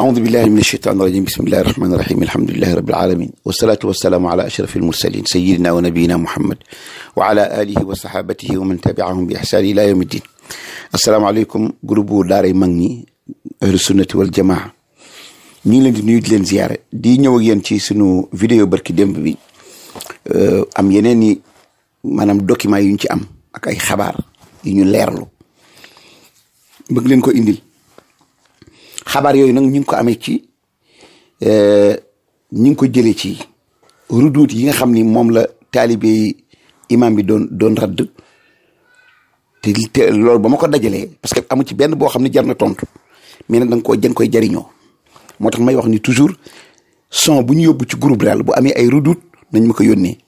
أعوذ بالله من الشيطان الرجيم بسم الله الرحمن الرحيم الحمد لله رب العالمين والصلاة والسلام على أشرف المرسلين سيدنا ونبينا محمد وعلى آله وصحابته ومن تبعهم بإحسان إلى يوم الدين السلام عليكم جروب دار مغني أهل السنة والجماعة ني ngi leen دي nuyu زياره دي نيو di تي ak فيديو بركي sunu vidéo ام ينيني bi am yeneen i maanaam document yu خبار ci am ak ay xabaar yu ñu xabaar yooyu nag ñu ngi ko amee ci euh, ñu ngi ko jëlee ci ruduut yi nga xam ni moom la taalibe yi imaam bi doon doon radd te te loolu ba ma ko dajalee parce que amu ci benn boo xam ne jar na tontu mais nag da koo jën koy jariñoo moo tax may wax ni toujours son bu ñu yóbbu ci groupe daal boo amee ay ruduut nañ ma ko yónnee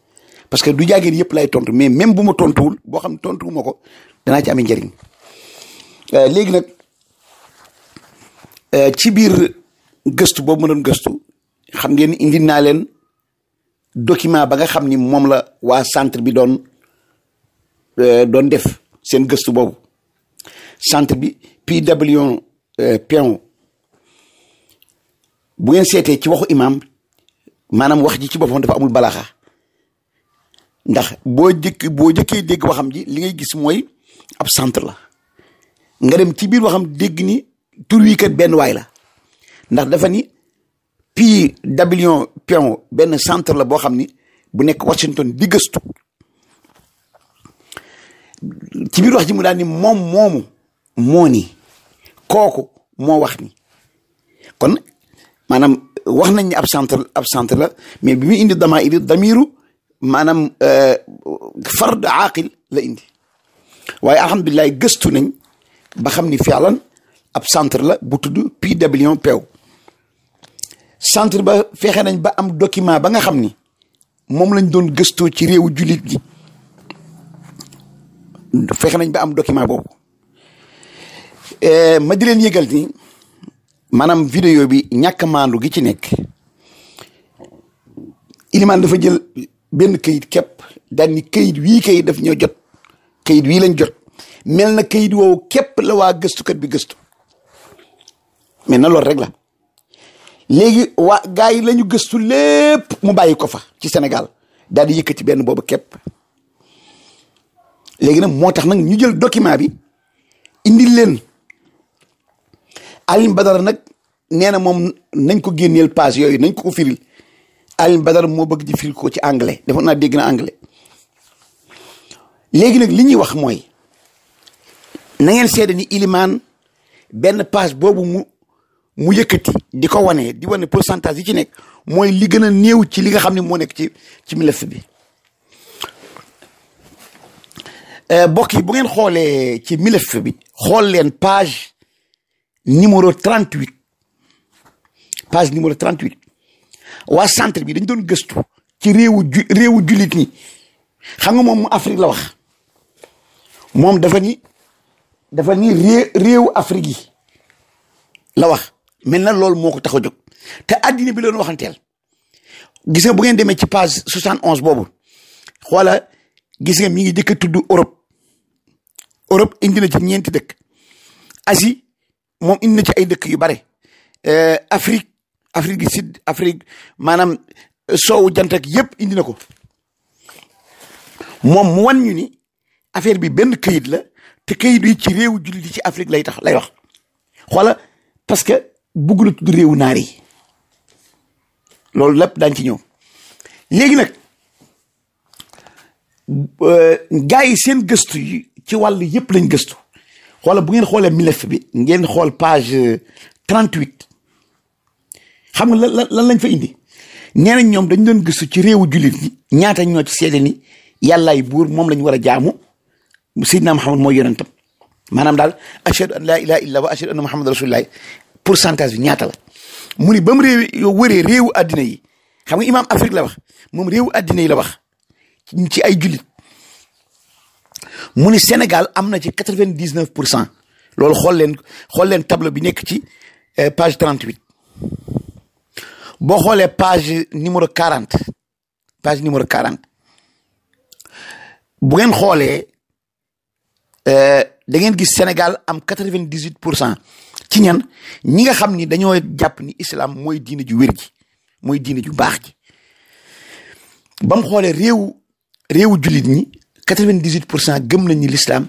parce que du jaageen yëpp lay tontu mais même bu ma tontuwul boo xam ne tontuwuma ko danaa ci amee njëriñ euh, léegi nag. Euh, ci biir gëstu boobu ma doon gëstu xam ngeen indi naa leen document ba nga xam ni moom la waa centre bi doon euh, doon def seen gëstu boobu centre bi PWPO euh, bu ngeen seetee ci waxu imam maanaam wax ji ci boppam dafa amul balaaxa ndax boo jëkk boo jëkkee dégg waxam ji li ngay gis mooy ab centre la nga dem ci biir waxam dégg ni tur wi kat benn waay la ndax dafa ni PWPO benn centre la boo xam bu nekk Washington di gëstu ci biir wax ji mu daal ni moom moomu moo ni kooku wax ni kon maanaam wax nañ ni ab centre ab centre la mais bi muy indi dama indi damiru maanaam fard aaqil la indi waaye alhamdulilah gëstu nañ ba xam ni fialan ab centre la bu tudd PWPO centre ba fexe nañ ba am document ba nga xam ni moom lañ doon gëstoo ci réewu jullit gi fexe nañ ba am document boobu eh, ma di leen yëgal ni maanaam vidéo bi ñàkk maandu gi ci nekk ilimaan dafa jël benn kayit képp daan ni kayit wii këyit daf ñoo jot kayit wii lañ jot mel na kayit woowu képp la waa gëstukat bi gëstu mais na loolu rek la léegi wa gars yi la gëstu lépp mu bàyyi ko fa ci senegal daal di yëkkati benn boobu képp léegi nag moo tax nag ñu jël document bi indil leen Alioune Badara nag nee na moom nañ ko génneel page yooyu nañ ko ko firil Alioune Badara moo bëgg di firil ko ci anglais defoon naa dégg na anglais léegi nag li ñuy wax mooy na ngeen seede ni ilimaan benn page boobu mu yëkkati di ko wane di wane pourcentage yi ci nekk mooy li gën a néew ci li nga xam ne moo nekk ci ci milef bi euh, mbokk yi bu ngeen xoolee ci milef bi xool leen page numéro 38 page numéro 38 waa centre bi dañ doon gëstu ci réewu julit réewu jullit xam nga moom mu la wax moom dafa ni dafa ni réew réewu Afrique yi la wax maintenant loolu moo ko tax a jóg te addina bi leen waxanteel gis nga bu ngeen demee ci page soixante onze boobu xoola gis nga mi ngi jëkk a tudd Europe Europe indi na ci ñeenti dëkk asi moom indina ci ay dëkk yu bare euh, Afrique Afrique du Sud Afrique maanaam euh, soowu jant ak yëpp indi na ko moom mu wan ñu ni affaire bi benn kayit la te kayit yi ci réewu jullit yi ci Afrique lay tax lay wax xoola parce bugg la tudd réewu naar yi loolu lépp daañ ci ñëw léegi nag gars yi seen gëstu yi ci wàll yëpp lañ gëstu xoola bu ngeen xoolee milef bi ngeen xool page trente huit xam nga lan lan lañ fa indi nee nañ ñoom dañ doon gëstu ci réewu jullit ñi ñaata ñoo ci seede ni yàllaay buur moom lañ war a jaamu Seydina Muhammad mooy yonentam maanaam daal ashhadu an laa ilaha illa wa ashhadu anna muhammad rasulullah pourcentage bi ñaata la mu ni ba mu réew yi xam nga imam afrique la wax moom réewu àddina yi la wax ci ay jullit mu sénégal am na ci 99 pour cent loolu xool leen tableau bi ci euh, page 38 boo xoolee page numéro 40 page numéro 40 bu ngeen xoolee euh, da ngeen gis sénégal am 98 ci ñan ñi nga xam ni dañoo jàpp ni islam mooy diine ju wér ji mooy diine ju baax ji bam xoolee réew réewu jullit ñi quatre-vingt-dix-huit pour cent gëm nañ ni l'islam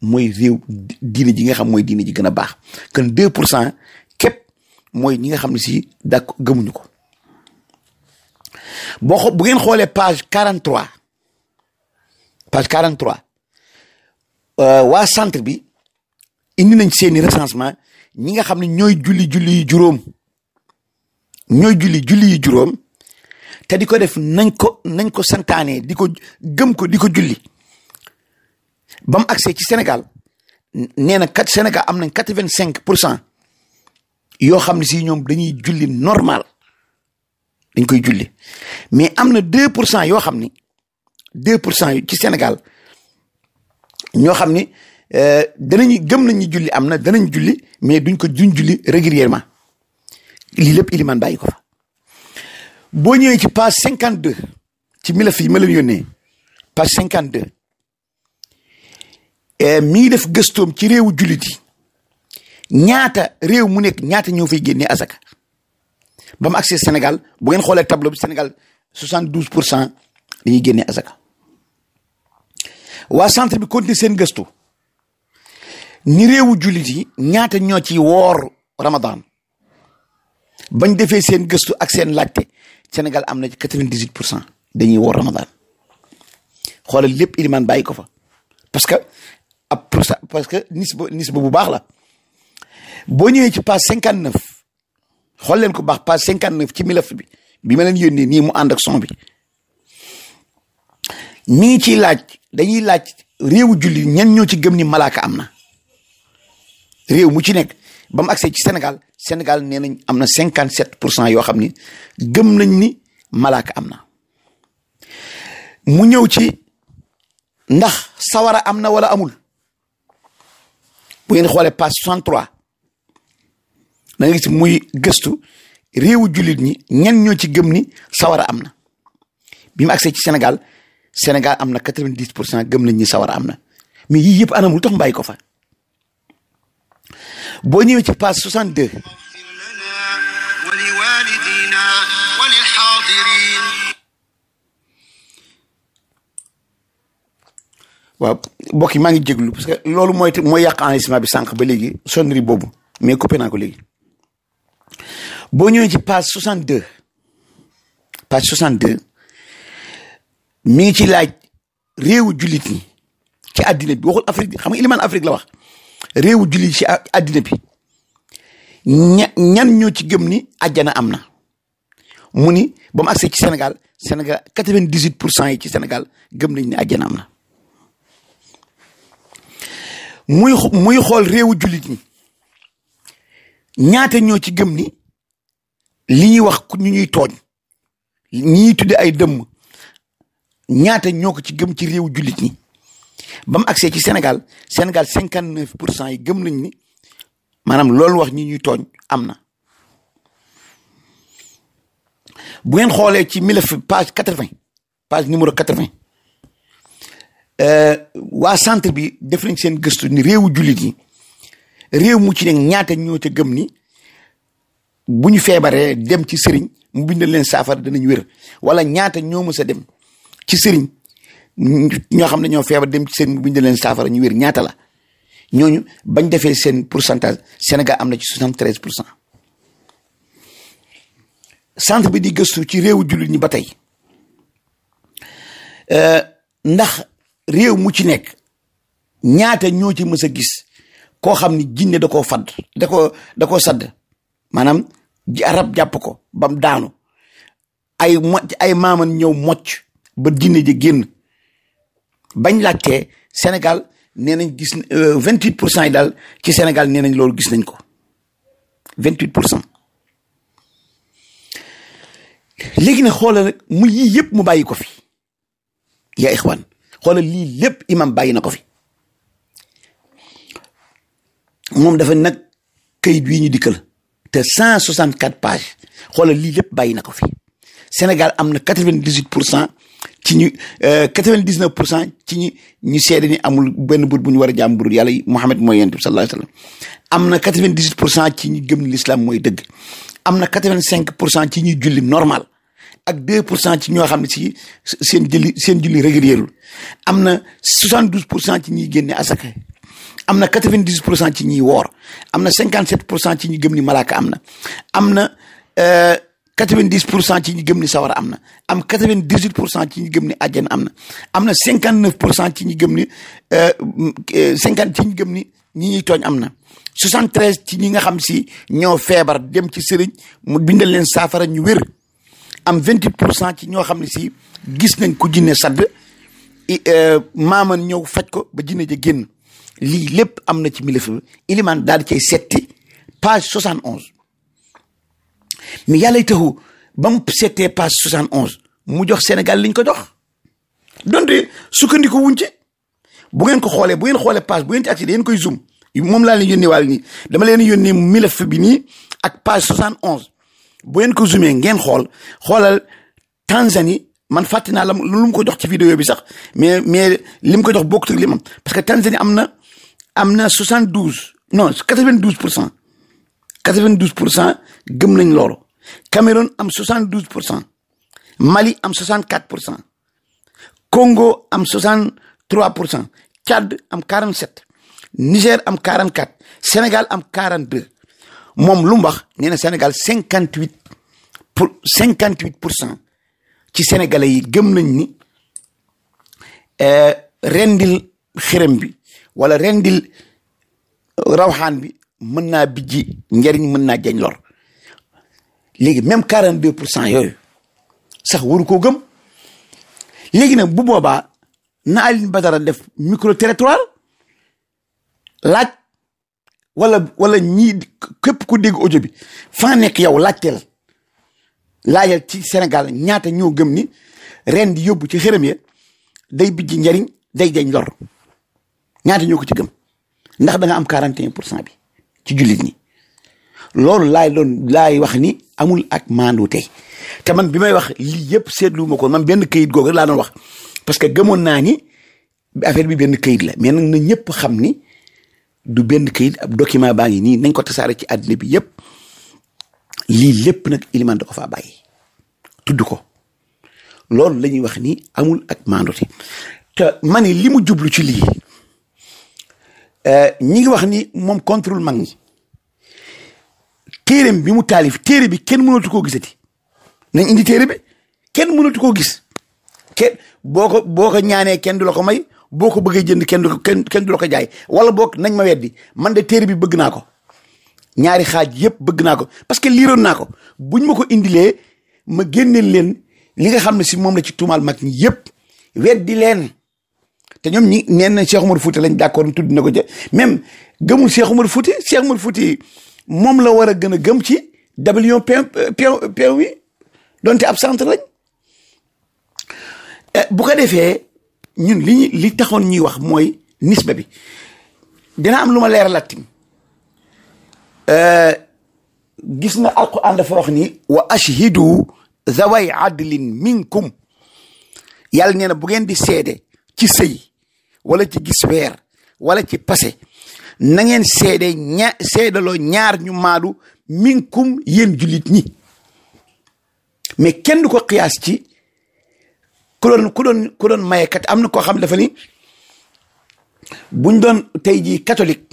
mooy réew diine ji nga xam mooy diine ji gën a baax kon deux pour cent képp mooy ñi nga xam ne si dak gëmuñu ko boo bu ngeen xoolee page quarante-trois page quarante-trois euh, waa centre bi indi nañ seeni recensement ñi nga xam ne ñooy julli julli yi juróom ñooy julli julli yi juróom te di ko def nañ ko nañ ko santaane di ko gëm ko di ko julli ba mu agsee ci Sénégal nee na kat Sénégal am nañ quatre-vingt-cinq pour cent yoo xam ne si ñoom dañuy julli normal dañ koy julli mais am na deux pour cent yoo xam ni deux pour cent ci Sénégal ñoo xam ni Euh, danañu gëm nañ ñu julli am na danañ julli mais duñ ko duñ julli régulièrement lii lépp ilimaan bàyyi ko fa boo ñëwee ci page cinquante deux ci mi la fii ma la yónnee page cinquante deux euh, mi ngi def gëstoom ci réewu jullit yi ñaata réew mu nekk ñaata ñëw fay génnee asaka ba mu accès Sénégal bu ngeen xoolee tableau bi Sénégal soixante douze pour cent dañuy génne asaka waa centre bi continuer seen gëstu ni réewu jullit yi ñaata ñoo ci woor Ramadan bañ defee seen gëstu ak seen laajte senegal am na ci quatre vingt pour cent dañuy woor Ramadan xoolal lépp ilimaan bàyyi ko fa parce que ab pour parce que nisba nisba bu baax la boo ñëwee ci page cinquante neuf xool leen ko baax page cinquante neuf ci milaf bi bi ma leen yónnee nii mu ànd ak son bi mi ngi ciy laaj dañuy laaj réewu jullit ñen ñoo ci gëm ni malaaka am na. réew mu ci nekk ba mu agsee ci Sénégal Sénégal nee nañ am na cinquante sept pour cent yoo xam ni gëm nañ ni malaaka am na mu ñëw ci ndax sawara am na wala amul bu ngeen xoolee page 63 da nga gis muy gëstu réewu jullit ñi ñen ñoo ci gëm ni sawara am na bi mu agsee ci Sénégal Sénégal am na quatre-vingt-dix pour cent gëm nañ ni sawara am na mais yii yëpp anamul tax mu bàyyi ko fa boo ñëwee ci page 62 waaw mbokk yi maa ngi jéglu parce que loolu mooy mooy yàq enregistrement bi sànq ba léegi sonnerie boobu mais coupé naa ko léegi boo ñëwee ci page 62 page 62 mi ngi ci laaj réewu jullit ñi ci àddina bi waxul Afrique xam nga ilimaan Afrique la wax réewu jullit ci àddina bi ñan ñoo ci gëm ni àjjana am na mu ni ba mu agsee ci Sénégal Sénégal quatre-vingt-dix-huit pour cent yi ci senegal gëm nañ ni àjjana am na muy muy xool réewu jullit ñi ñaata ñoo ci gëm ni li ñuy wax ñu ñuy tooñ ñi ñuy ay dëmm ñaata ñoo ko ci gëm ci réewu jullit ñi ba mu ci senegal senegal cinquante neuf pour cent yi gëm nañ ni maanaam loolu wax ñi ñuy tooñ am na bu ngeen xoolee ci mille page quatre vingt page numéro quatre vingt euh, waa centre bi def nañ seen gëstu ni réewu jullit yi réew mu ci ne ñaata ñoo gëm ni bu ñu feebaree dem ci sëriñ mu bindal leen saafara danañ wér wala ñaata ñoo mës dem ci sëriñ ñoo xam ne ñoo feebar dem ci seen bu ñu leen saafara ñu wér ñaata la ñooñu bañ defee seen pour pourcentage Sénégal am na ci soixante treize pour cent centre bi di gëstu ci réewu jullit ñi ba tey euh, ndax réew mu ci nekk ñaata ñoo ci mës a gis koo xam ni jinne da koo fadd da koo da sadd maanaam arab jàpp ko bam daanu ay mo ay maaman ñëw mocc ba jinne ji génn bañ laajtee Sénégal nee nañ gis euh, vingt huit pour cent yi daal ci Sénégal nee nañ loolu gis nañ ko vingt huit pour cent léegi nag xoolal nag mu yii yëpp mu bàyyi ko fi yaa ixwaan xoolal lii lépp imam bàyyi na ko fi moom dafa nag kayit wi ñu dikkal te cent soixante quatre pages xoolal lii lépp bàyyi na ko fi senegal am na quatre vingt dix huit pour cent ci ñu euh, quatre-vingt-dix-neuf pour cent ci ñi ñu seede ni amul benn buur bu ñu war a jaam buur yàlla mooy yonent bi sallallahu am na quatre-vingt-dix-huit pour cent ci ñu gëm l'islam mooy dëgg am na quatre-vingt-cinq pour cent ci ñuy julli normal ak deux pour cent ci ñoo xam ne si seen julli seen julli régulièrul am na soixante-douze pour cent ci ñuy génne asaka am na quatre-vingt-dix pour cent ci ñuy woor am na cinquante-sept pour cent ci ñu gëm ni malaaka am na am na euh, 90 pour cent ci ñi gëm ni sawar am na am 98 pour cent ci ñi gëm ni àjjana am na am na 59 pour cent ci ñi gëm ni 50 euh, euh, ci gëm ni ñi tooñ am na 73 ci ñi nga xam si ñoo feebar dem ci sëriñ mu bindal leen saafara ñu wér am 28 pour cent ci ñoo xam ne si gis nañ ko jinne sadd euh, maaman ñëw faj ko ba jinne ja génn lii lépp am na ci milifa ilimaan daal di cay setti page mais yàllay taxu bam c'était pas Si soixante mu jox Sénégal liñ ko jox donte sukkandiku wuñ ci bu ngeen ko xolé bu page bu koy zoom mom la yoni wal ni. dama leen yoni milaf bi ni ak page 71. bu ko Tanzanie man ko jox ci bi sax mais mais parce que Tanzanie amna amna non 92% Cameroun am 72 pour cent Mali am 64 pour cent Congo am 63 pour cent Tchad am 47 Niger am 44 Sénégal am 42 moom lu mu wax nee na Sénégal 58 pour 58 pour cent ci sénégalais yi gëm nañ ni euh, rendil xërëm bi wala rendil rawxaan bi mën naa bijji njëriñ mën naa jañ léegi même 42 pour cent yooyu sax waru ko gëm léegi nag bu boobaa na Alioune Badara def micro territoire laaj wala wala ñii képp ku dégg audio bi fa nekk yow laajtel laajal ci Sénégal ñaata ñoo gëm ni ren di yóbbu ci xërëm ya day bijji njariñ day deñ lor ñaata ñoo ko ci gëm ndax da nga am 41 pour cent bi ci jullit ñi loolu laay doon laay wax ni amul ak mandute te man bimay wax li yépp seetlu ma ko man benn kayit gog rek laa doon wax parce que gëmon na ni affaire bi benn kayit la mais nak na ñëpp xam ni du benn kayit ab document baangi ni nañ ko tassaré ci àddina bi yépp li lépp nag iliman da ko fa bàyyi tudd ko lool lañuy wax ni amul ak mandute te mané limu jublu ci li euh ñi wax ni mom contrôle mag ñi téereem bi mu taalif téere bi kenn mënatu koo gisati nañ indi téere bi kenn mënatu koo gis kenn boo ko boo ko ñaanee kenn du la ko may boo ko bëggee jënd kenn du ko kenn kenn du la ko jaay wala bokk nañ ma weddi man de téere bi bëgg naa ko ñaari xaaj yëpp bëgg naa ko parce que liiroon naa ko buñ ma ko indilee ma génneel leen li nga xam ne si moom la ci tuumaal mag ñi yëpp weddi leen te ñoom ñi neen nañ Cheikh Oumar Fouti lañ d'accord tudd na ko je même gëmul Cheikh Oumar Fouti Cheikh Oumar mom la wara gëna gëm ci dabalion peew wi donte ab lañ bu ko defee ñun li li taxoon ñuy wax mooy nisba bi dina am lu ma leeralaat tamit gis nga alquran dafa ni wa ashhidu zaway adlin minkum yàlla nee bu ngeen di seede ci sëy wala ci gis weer wala ci passé nangeen ngeen seede ñaar ñu maadu minkum yéen jullit ñi mais kenn du ko xiyaas ci ku doon ku doon ku doon am na koo xam dafa ni buñ doon tey jii catholique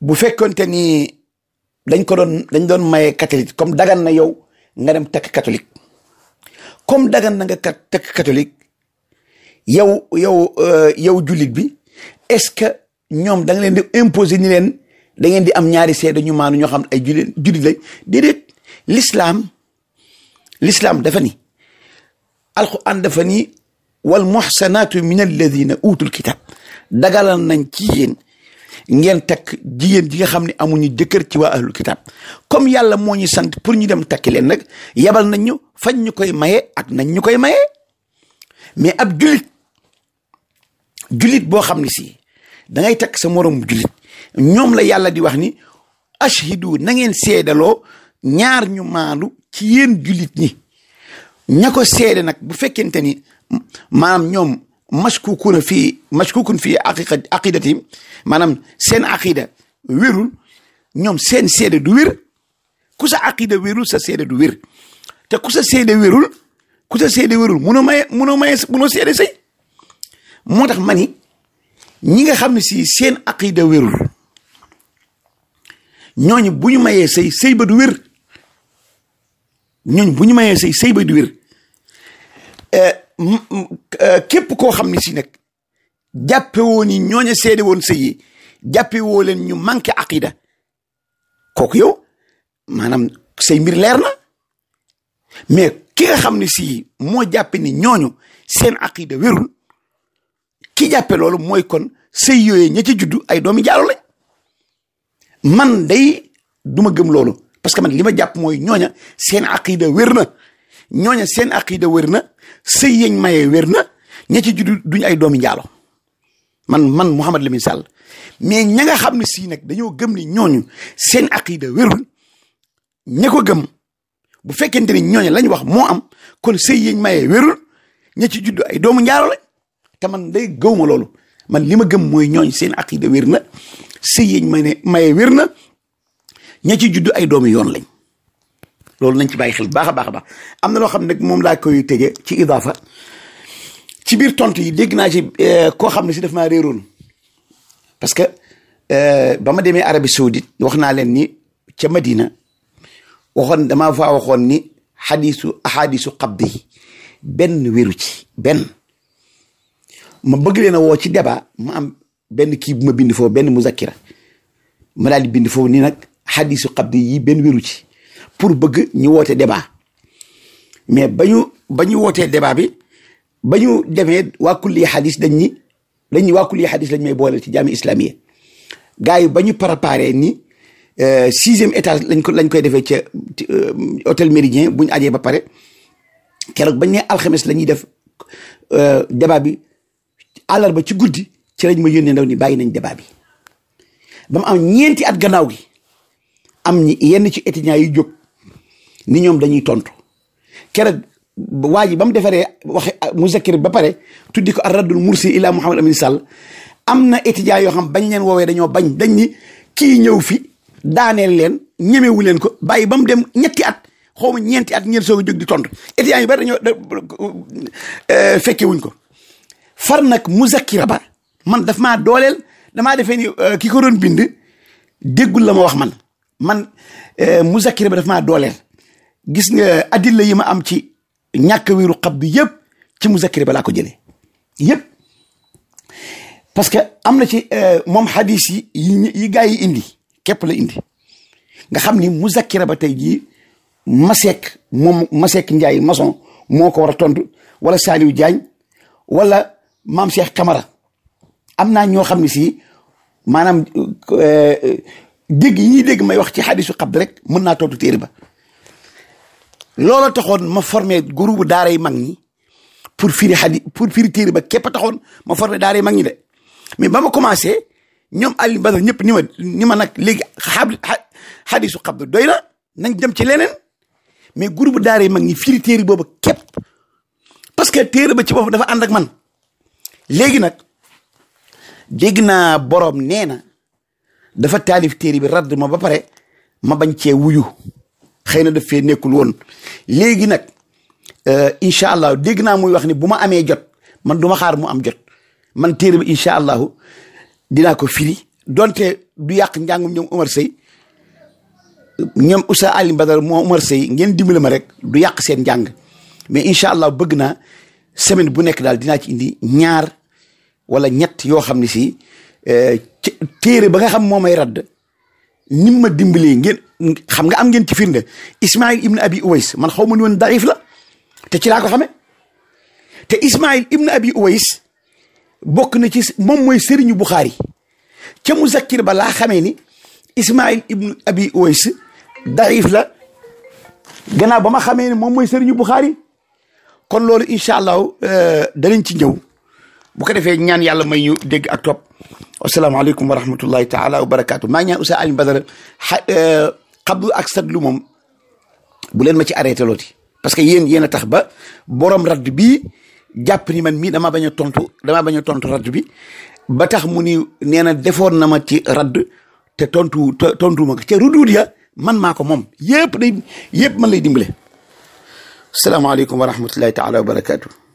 bu fekkonte ni dañ ko doon dañ doon maye catholique comme dagan na yow nga dem takk catholique comme dagan na nga yow euh, yow jullit bi est ñom da nga leen di imposer ni leen da ngeen di am ñaari seede ñu maanu ñoo xam ay julit julit lañ déedéet l'islam l'islam dafa ni alquran dafa ni wal muhsanatu min alladhina utul kitab dagalal nañ ci yéen ngeen tek jigéen ji nga xam ne amuñu jëkkër ci waa ahlul kitab comme yàlla moo ñu sant pour ñu dem takki leen nag yabal nañ ñu fañ ñu koy maye ak nañ ñu koy maye mais ab julit julit boo xam ne si da ngay takk sa moroom jullit ñoom la yàlla di wax ni ashhidu na ngeen seedaloo ñaar ñu maandu ci yéen jullit ñi ña ko seede nag bu fekkente ni maanaam ñoom mashkukuna fii mashkukun fii aqiqa aqidatihim maanaam seen aqida wérul ñoom seen seede du wér ku sa aqida wérul sa seede du wér te ku sa seede wérul ku sa seede wérul munoo maye munoo maye munoo seede sëy moo ñi nga xam ne si seen aqida wérul ñooñu bu ñu mayee sey sëy ba du wér ñooñu bu ñu mayee sëy sëy ba du wér eh, eh, képp koo xam ne si nag jàppe woo ni ñooñu seede woon sëy yi jàppe leen ñu manqué aqida kooku yow maanaam say mbir leer na mais ki nga xam ne si moo jàppe ni ñooñu seen aqida wérul ki jàppe loolu mooy kon sëy yooyee ña ci juddu ay doomi jaalo lañ man day duma gëm loolu parce que man li ma jàpp mooy ñooña seen aqida wér na ñooña seen aqida wér na sëy yañ mayee wér na ña juddu duñu ay doomi jaalo man man Mouhamed Lamine Sall mais ña nga xam ne sii nag dañoo gëm ni ñooñu seen aqida wérul ñekko gëm bu fekkente ni ñooñu lañ wax moo am kon sëy yañ maye wérul ña ci juddu ay doomu njaaro lañ كمان داي غوما لولو مان ليما گم موي ньо ญ سين عقيده ويرنا سيين ماني ماي ويرنا نياتي جودو اي دومي يون لاني لول نانتي باي خيل باخا باخا باخ امنا لو خامن نك موم لا كوي تيجي تي اضافه تي بير تونتي ديغنا جي كو خامن سي داف ما ريرون باسكو ا باما ديمي عربي سعودي واخنا لين ني تي مدينه واخون دما فا واخون ني حديث احاديث قبضه بن ويروتي بن ma bëgg leen a woo ci débat ma am benn kii bu ma bind foofu benn muzakira ma daal di bind foofu nii nag xadisu xabdi yi benn wéru ci pour bëgg ñu woote débat mais bañu ñu ba ñu wootee débat bi ba ñu demee waa kulli xadis dañ ñi dañ ñi waa kulli xadis lañ may boole ci jaami islamiye gars yi ba ñu préparé ni euh, sixième étage lañ ko lañ koy defee ca euh, hôtel Méridien bu ñu ajee ba pare keroog bañ ne alxames la def euh, débat bi àllarba ci guddi ci lañ ma yónnee ndaw ni bàyyi nañ débat bam am ñeenti at gannaaw gi am ñi yenn ci étudiants yi jóg ni ñoom dañuy tontu keroog waa ji ba mu defaree waxe muzakkir ba pare tuddi ko ar raddul mursi ila Mouhamed Amine Sall am na étudiants yoo xam bañ leen woowee dañoo bañ dañ ni kii ñëw fi daaneel leen ñemewu leen ko bàyyi ba mu dem ñetti at xaw ma ñeenti at ñeent soog a jóg di tontu étudiants yi bari dañoo euh, fekke wuñ ko. far nag muzakira ba man daf ma dooleel damaa defee ni euh, ki ko doon bind déggul la ma wax man man euh, muzakira ba daf maa dooleel gis nga adilla yi ma am ci ñàkk wiiru xabdu yëpp ci muzakira ba laa ko jëlee yëpp parce que am na ci euh, moom hadis yi yi gaa yi indi képp la indi nga xam ni muzakira ba tey jii Masek moom Masek Ndiaye maçon moo ko war a tontu wala Saliou Diagne wala maam Cheikh Camara am naa ñoo xam ne si maanaam euh, euh, dégg yi ñuy dégg may wax ci xadisu xabd rek mën naa tontu téere ba loola taxoon ma formé groupe daara yi mag ñi pour firi xadi pour firi téere ba képp taxoon ma formé daara yi mag ñi de mais ba ma commencé ñoom Aliou Badara ñëpp ni ma ni ma nag léegi xab xadisu xabd doy na nañ dem ci leneen mais groupe daare yi mag ñi firi téere boobu képp parce que téere ba ci boppam dafa ànd ak man léegi nag dégg naa boroom nee na dafa taalif téere bi radd ma ba pare ma bañ cee wuyu xëy na daf fee nekkul woon léegi nag euh, incha allah dégg naa muy wax ni bu ma amee jot man du ma xaar mu am jot man téere bi incha allahu dinaa ko firi donte du yàq njàngum ñoom Umar Sey ñoom Oustaz Alioune Badara moo Umar Sey ngeen dimbali ma rek du yàq seen njàng mais incha allah bëgg naa semaine bu nekk daal dinaa ci indi ñaar wala ñett yoo xam ne si eh, téere ba nga xam moo may radd nim ma dimbalee ngeen xam nga am ngeen ci firnde Ismaïl ibn Abi Uwais man xaw ma ni woon daif la te ci laa ko xamee te Ismaïl ibn Abi Uwais bokk na ci moom mooy sëriñu Buxaari ca Muzakkir ba laa xamee ni Ismaïl ibn Abi Uwais daif la gannaaw ba ma xamee ni moom mooy sëriñu Buxaari kon loolu incha allahu eh, danañ ci njaw بوكا في نيان يالا ماي نيو ديغ اك توب السلام عليكم ورحمه الله تعالى وبركاته ما نيا اوسا اني بدر قبل اك سد لو موم بولين ما تي اريتي لوتي باسكو يين يينا تخ با بوروم رد بي جابني من مي دا ما باغا تونتو دا ما باغا تونتو رد بي با تخ موني نينا ديفور نما تي رد te tontu tontu ma ci rudud ya man mako mom yep yep man lay dimbalé assalamu alaykum wa rahmatullahi ta'ala wa barakatuh